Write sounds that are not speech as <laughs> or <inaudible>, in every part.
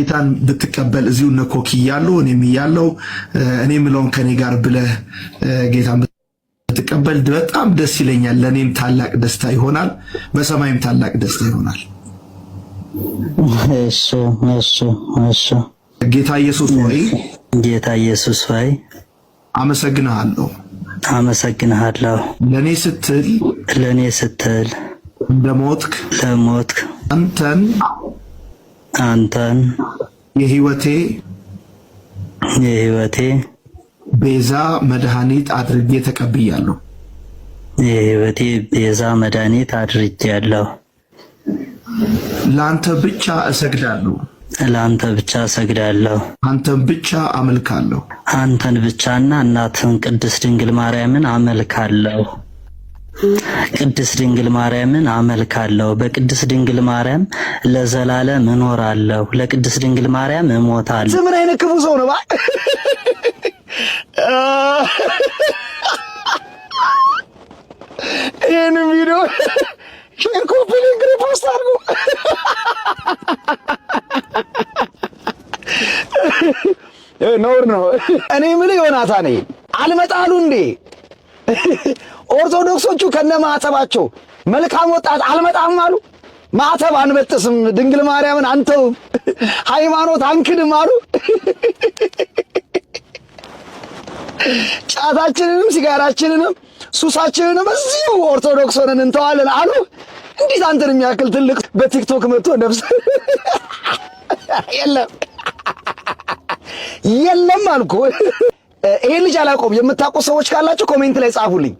ጌታን ብትቀበል እዚሁ እነ ኮኪ እያሉ እኔም እያለው እኔ ምለውን ከኔ ጋር ብለህ ጌታን ብትቀበል በጣም ደስ ይለኛል። ለእኔም ታላቅ ደስታ ይሆናል፣ በሰማይም ታላቅ ደስታ ይሆናል። እሺ እሺ እሺ። ጌታ ኢየሱስ ሆይ ጌታ ኢየሱስ ሆይ አመሰግንሃለሁ አመሰግንሃለሁ ለእኔ ስትል ለእኔ ስትል እንደሞትክ ለሞትክ አንተን አንተን የህይወቴ የህይወቴ ቤዛ መድኃኒት አድርጌ ተቀብያለሁ። የህይወቴ ቤዛ መድኃኒት አድርጌያለሁ። ለአንተ ብቻ እሰግዳለሁ። ለአንተ ብቻ እሰግዳለሁ። አንተን ብቻ አመልካለሁ። አንተን ብቻና እናትን ቅድስት ድንግል ማርያምን አመልካለሁ። ቅድስት ድንግል ማርያምን አመልካለሁ። በቅድስት ድንግል ማርያም ለዘላለም እኖራለሁ። ለቅድስት ድንግል ማርያም እሞታለሁ። ምን አይነት ክፉ ሰው ነው! ባ ይህን ቪዲዮ ሼር፣ ኮፒ ሊንክ፣ ሪፖስት አድርጉ። ነውር ነው። እኔ የምልህ ዮናታን አልመጣሉ እንዴ ኦርቶዶክሶቹ ከነ ማዕተባቸው መልካም ወጣት አልመጣም አሉ። ማዕተብ አንበጥስም፣ ድንግል ማርያምን አንተውም፣ ሃይማኖት አንክድም አሉ። ጫታችንንም ሲጋራችንንም ሱሳችንንም እዚሁ ኦርቶዶክስ ሆነን እንተዋለን አሉ። እንዴት አንተን የሚያክል ትልቅ በቲክቶክ መጥቶ ነፍስ የለም የለም አልኩ። ይሄን ልጅ አላውቀውም። የምታውቁ ሰዎች ካላችሁ ኮሜንት ላይ ጻፉልኝ።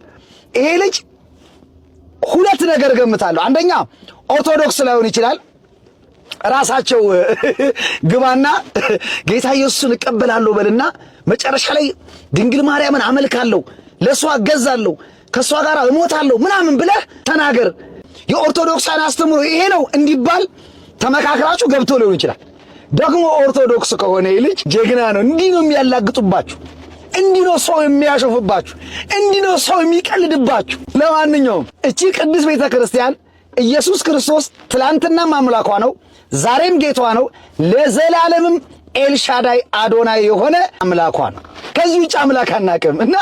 ይሄ ልጅ ሁለት ነገር ገምታለሁ። አንደኛ ኦርቶዶክስ ላይሆን ይችላል። ራሳቸው <laughs> ግባና ጌታ ኢየሱስን እቀበላለሁ በልና መጨረሻ ላይ ድንግል ማርያምን አመልካለሁ፣ ለእሷ እገዛለሁ፣ ከእሷ ጋር እሞታለሁ ምናምን ብለህ ተናገር። የኦርቶዶክሳን አስተምሮ ይሄ ነው እንዲባል ተመካክራችሁ ገብቶ ሊሆን ይችላል። ደግሞ ኦርቶዶክስ ከሆነ ልጅ ጀግና ነው። እንዲህ ነው የሚያላግጡባችሁ። እንዲህ ነው ሰው የሚያሾፍባችሁ፣ እንዲህ ነው ሰው የሚቀልድባችሁ። ለማንኛውም እቺ ቅድስት ቤተ ክርስቲያን ኢየሱስ ክርስቶስ ትላንትናም አምላኳ ነው፣ ዛሬም ጌቷ ነው፣ ለዘላለምም ኤልሻዳይ አዶናይ የሆነ አምላኳ ነው። ከዚህ ውጭ አምላክ አናቅም እና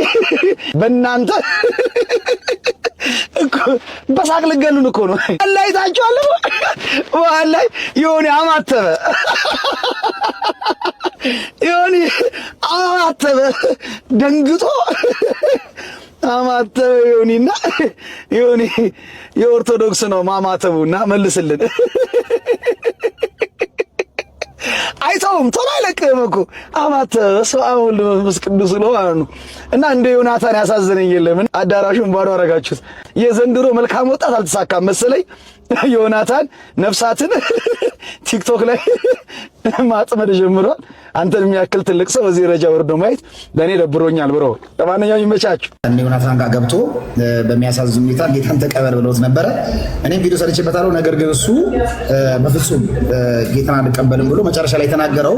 <laughs> በእናንተ <laughs> በሳቅ ልገሉን እኮ ነው። ላይ ታችኋለሁ <laughs> ላይ የሆነ አማተበ የሆነ አማተበ ደንግጦ አማተበ ዮኒና ዮኒ የኦርቶዶክስ ነው ማማተቡና መልስልን አይተውም ቶሎ አይለቅህም እኮ አማተበ በስመ አብ ወወልድ ወመንፈስ ቅዱስ ነው ማለት ነው። እና እንደ ዮናታን ያሳዘነኝ የለም። አዳራሹን ባዶ አረጋችሁት። የዘንድሮ መልካም ወጣት አልተሳካም መሰለኝ። ዮናታን ነፍሳትን ቲክቶክ ላይ <laughs> ማጽመድ ጀምሯል። አንተን የሚያክል ትልቅ ሰው በዚህ ደረጃ ወርዶ ማየት ለእኔ ደብሮኛል ብሮ። ለማንኛውም ይመቻችሁ። እኔ ዮናታን ጋር ገብቶ በሚያሳዝን ሁኔታ ጌታን ተቀበል ብለውት ነበረ። እኔም ቪዲዮ ሰርቼበታለሁ። ነገር ግን እሱ በፍጹም ጌታን አልቀበልም ብሎ መጨረሻ ላይ የተናገረው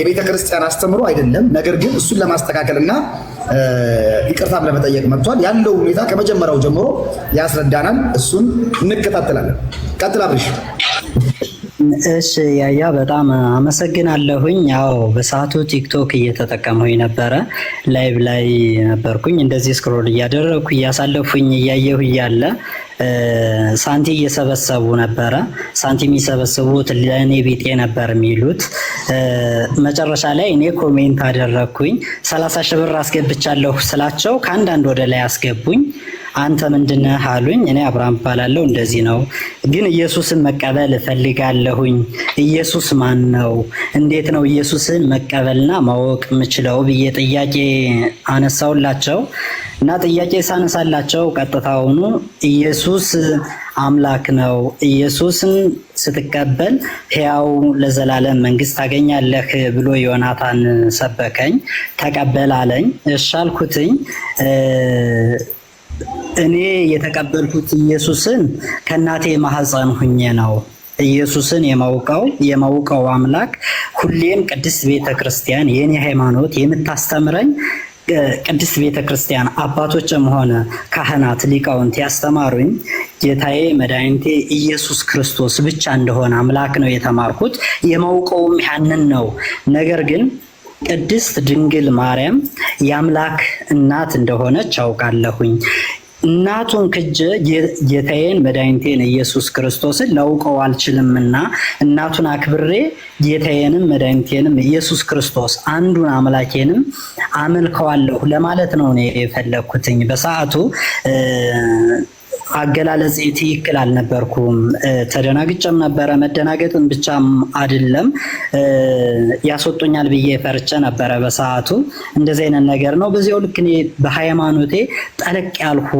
የቤተ ክርስቲያን አስተምሮ አይደለም። ነገር ግን እሱን ለማስተካከል እና ይቅርታም ለመጠየቅ መጥቷል። ያለው ሁኔታ ከመጀመሪያው ጀምሮ ያስረዳናል። እሱን እንከታተላለን። ቀጥል አብርሽ እሺ ያያ በጣም አመሰግናለሁኝ። ያው በሰዓቱ ቲክቶክ እየተጠቀምሁኝ ነበረ፣ ላይቭ ላይ ነበርኩኝ። እንደዚህ ስክሮል እያደረግኩ እያሳለፉኝ እያየሁ እያለ ሳንቲ እየሰበሰቡ ነበረ። ሳንቲ የሚሰበስቡት ለእኔ ቢጤ ነበር የሚሉት። መጨረሻ ላይ እኔ ኮሜንት አደረግኩኝ። ሰላሳ ሺህ ብር አስገብቻለሁ ስላቸው ከአንዳንድ ወደ ላይ አስገቡኝ። አንተ ምንድነ አሉኝ። እኔ አብርሃም እባላለሁ። እንደዚህ ነው ግን ኢየሱስን መቀበል እፈልጋለሁኝ። ኢየሱስ ማን ነው? እንዴት ነው ኢየሱስን መቀበልና ማወቅ የምችለው ብዬ ጥያቄ አነሳውላቸው እና ጥያቄ ሳነሳላቸው ቀጥታውኑ ኢየሱስ አምላክ ነው። ኢየሱስን ስትቀበል ሕያው ለዘላለም መንግስት ታገኛለህ ብሎ ዮናታን ሰበከኝ። ተቀበል አለኝ። እኔ የተቀበልኩት ኢየሱስን ከእናቴ ማህፀን ሁኜ ነው። ኢየሱስን የማውቀው የማውቀው አምላክ ሁሌም ቅድስት ቤተ ክርስቲያን የእኔ ሃይማኖት የምታስተምረኝ ቅድስት ቤተ ክርስቲያን አባቶችም ሆነ ካህናት ሊቃውንት ያስተማሩኝ ጌታዬ መድኃኒቴ ኢየሱስ ክርስቶስ ብቻ እንደሆነ አምላክ ነው የተማርኩት። የማውቀውም ያንን ነው። ነገር ግን ቅድስት ድንግል ማርያም የአምላክ እናት እንደሆነች አውቃለሁኝ። እናቱን ክጀ ጌታዬን መድኃኒቴን ኢየሱስ ክርስቶስን ላውቀው አልችልምና እናቱን አክብሬ ጌታዬንም መድኃኒቴንም ኢየሱስ ክርስቶስ አንዱን አምላኬንም አመልከዋለሁ ለማለት ነው የፈለግኩትኝ በሰዓቱ አገላለጽ ትክክል አልነበርኩም። ተደናግጬም ነበረ። መደናገጥም ብቻም አይደለም ያስወጡኛል ብዬ ፈርቼ ነበረ በሰዓቱ። እንደዚህ አይነት ነገር ነው። በዚያው ልክ እኔ በሃይማኖቴ ጠለቅ ያልኩ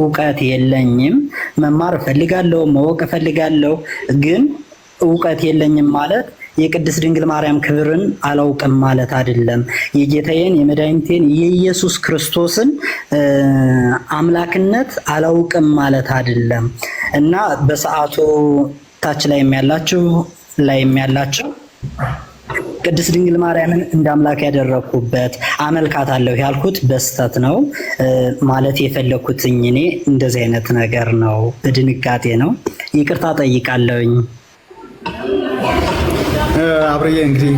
እውቀት የለኝም። መማር እፈልጋለሁ፣ ማወቅ እፈልጋለሁ፣ ግን እውቀት የለኝም ማለት የቅድስት ድንግል ማርያም ክብርን አላውቅም ማለት አይደለም። የጌታዬን የመድኃኒቴን የኢየሱስ ክርስቶስን አምላክነት አላውቅም ማለት አይደለም እና በሰዓቱ ታች ላይ የሚያላችሁ ላይ የሚያላችሁ ቅድስት ድንግል ማርያምን እንደ አምላክ ያደረኩበት አመልካታለሁ ያልኩት በስተት ነው ማለት የፈለግኩትኝ እኔ እንደዚህ አይነት ነገር ነው፣ በድንጋጤ ነው። ይቅርታ ጠይቃለሁኝ። አብርዬ እንግዲህ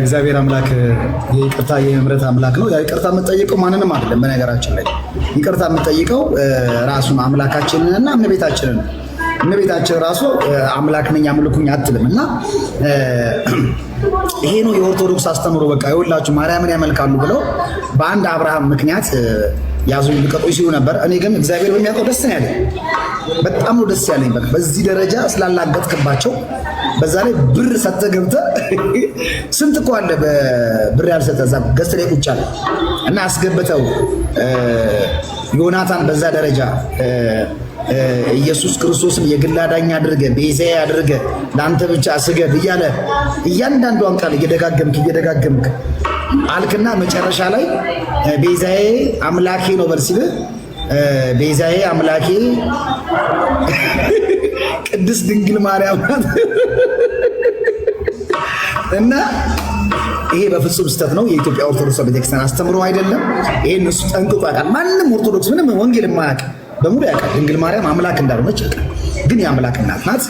እግዚአብሔር አምላክ የይቅርታ የምህረት አምላክ ነው። ይቅርታ የምጠይቀው ማንንም አይደለም። በነገራችን ላይ ይቅርታ የምጠይቀው ራሱን አምላካችንን እና እመቤታችንን እመቤታችን ራሱ አምላክ ነኝ አምልኩኝ አትልም እና ይሄ ነው የኦርቶዶክስ አስተምሮ። በቃ የሁላችሁ ማርያምን ያመልካሉ ብለው በአንድ አብርሃም ምክንያት ያዙኝ ልቀቁኝ ሲሉ ነበር። እኔ ግን እግዚአብሔር በሚያውቀው ደስ ነው ያለኝ። በጣም ነው ደስ ያለኝ። በዚህ ደረጃ ስላላገጥክባቸው በዛ ላይ ብር ሰጥተህ ገብተህ ስንት እኮ አለ በብር ያልሰጠ እዛ ገዝተህ ላይ ቁጭ አለ እና አስገብተው ዮናታን በዛ ደረጃ ኢየሱስ ክርስቶስን የግል አዳኝ አድርገ ቤዛ አድርገ ለአንተ ብቻ ስገድ እያለ እያንዳንዷን ቃል እየደጋገምክ እየደጋገምክ አልክና መጨረሻ ላይ ቤዛዬ አምላኬ ነው በል ሲል ቤዛዬ አምላኬ ቅድስት ድንግል ማርያም እና ይሄ በፍጹም ስህተት ነው። የኢትዮጵያ ኦርቶዶክስ ቤተክርስቲያን አስተምሮ አይደለም። ይሄን እሱ ጠንቅቆ ያውቃል። ማንም ኦርቶዶክስ ምንም ወንጌል የማያውቅ በሙሉ ያውቃል። ድንግል ማርያም አምላክ እንዳልሆነች ያውቃል። ግን የአምላክ እናት ናት።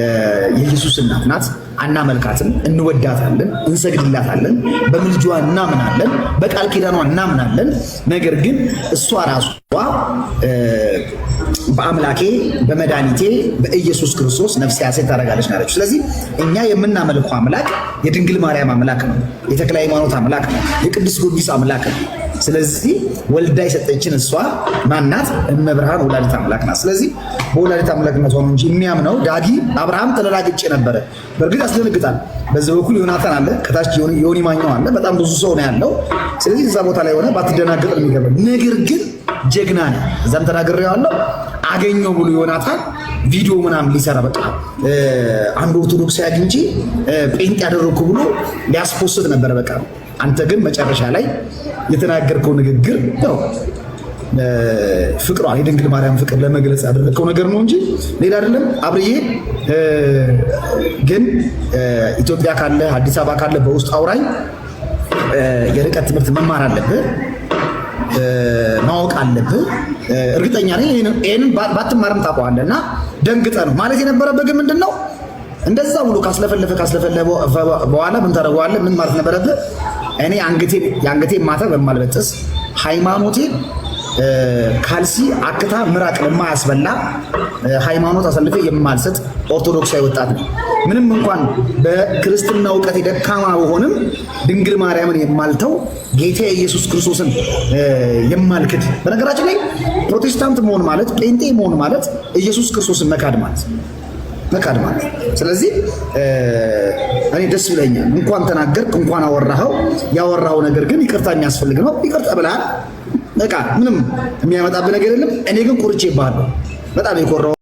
የኢየሱስ እናት ናት። አናመልካትም፣ እንወዳታለን፣ እንሰግድላታለን፣ በምልጇ እናምናለን፣ በቃል ኪዳኗ እናምናለን። ነገር ግን እሷ ራሷ በአምላኬ በመድኃኒቴ በኢየሱስ ክርስቶስ ነፍሴ ሐሴት ታደርጋለች ናለች። ስለዚህ እኛ የምናመልከው አምላክ የድንግል ማርያም አምላክ ነው፣ የተክለ ሃይማኖት አምላክ ነው፣ የቅዱስ ጊዮርጊስ አምላክ ነው። ስለዚህ ወልዳ የሰጠችን እሷ ማናት? እመብርሃን ወላዲት አምላክ ናት። ስለዚህ በወላዲት አምላክነት ነው እንጂ የሚያምነው ዳጊ አብርሃም ተለላግጬ ነበረ። በእርግጥ ያስደነግጣል። በዚህ በኩል ዮናታን አለ፣ ከታች ዮኒ ማኛው አለ። በጣም ብዙ ሰው ነው ያለው። ስለዚህ እዛ ቦታ ላይ ሆነ ባትደናገጥ የሚገባ ነገር ግን ጀግና ነው። እዛም ተናግሬዋለሁ። አገኘው ብሎ ዮናታን ቪዲዮ ምናምን ሊሰራ በቃ አንድ ኦርቶዶክስ አግኝቼ ጴንጥ ያደረግኩ ብሎ ሊያስፖስት ነበረ። በቃ አንተ ግን መጨረሻ ላይ የተናገርከው ንግግር ነው ፍቅሯ የድንግል ማርያም ፍቅር ለመግለጽ ያደረግከው ነገር ነው እንጂ ሌላ አይደለም። አብርዬ ግን ኢትዮጵያ ካለ አዲስ አበባ ካለ በውስጥ አውራኝ የርቀት ትምህርት መማር አለብህ። ማወቅ አለብህ። እርግጠኛ ነኝ ይህን ባትማርም ታውቀዋለህ። እና ደንግጠ ነው ማለት የነበረብህ ግን ምንድን ነው እንደዛ ብሎ ካስለፈለፈ ካስለፈለፈ በኋላ ምን ታደርገዋለህ? ምን ማለት ነበረብህ? እኔ የአንገቴን ማተብ በማልበጥስ ሃይማኖቴን ካልሲ አክታ ምራቅ የማያስበላ ሃይማኖት አሳልፌ የማልሰጥ ኦርቶዶክሳዊ ወጣት ነው። ምንም እንኳን በክርስትና እውቀት ደካማ ብሆንም ድንግል ማርያምን የማልተው ጌታ ኢየሱስ ክርስቶስን የማልክድ። በነገራችን ላይ ፕሮቴስታንት መሆን ማለት ጴንጤ መሆን ማለት ኢየሱስ ክርስቶስን መካድ ማለት መካድ ማለት። ስለዚህ እኔ ደስ ብለኛል፣ እንኳን ተናገርክ፣ እንኳን አወራኸው። ያወራኸው ነገር ግን ይቅርታ የሚያስፈልግ ነው። ይቅርታ ብለሃል፣ በቃ ምንም የሚያመጣብህ ነገር የለም። እኔ ግን ቁርቼ ይባሃለሁ በጣም የኮራው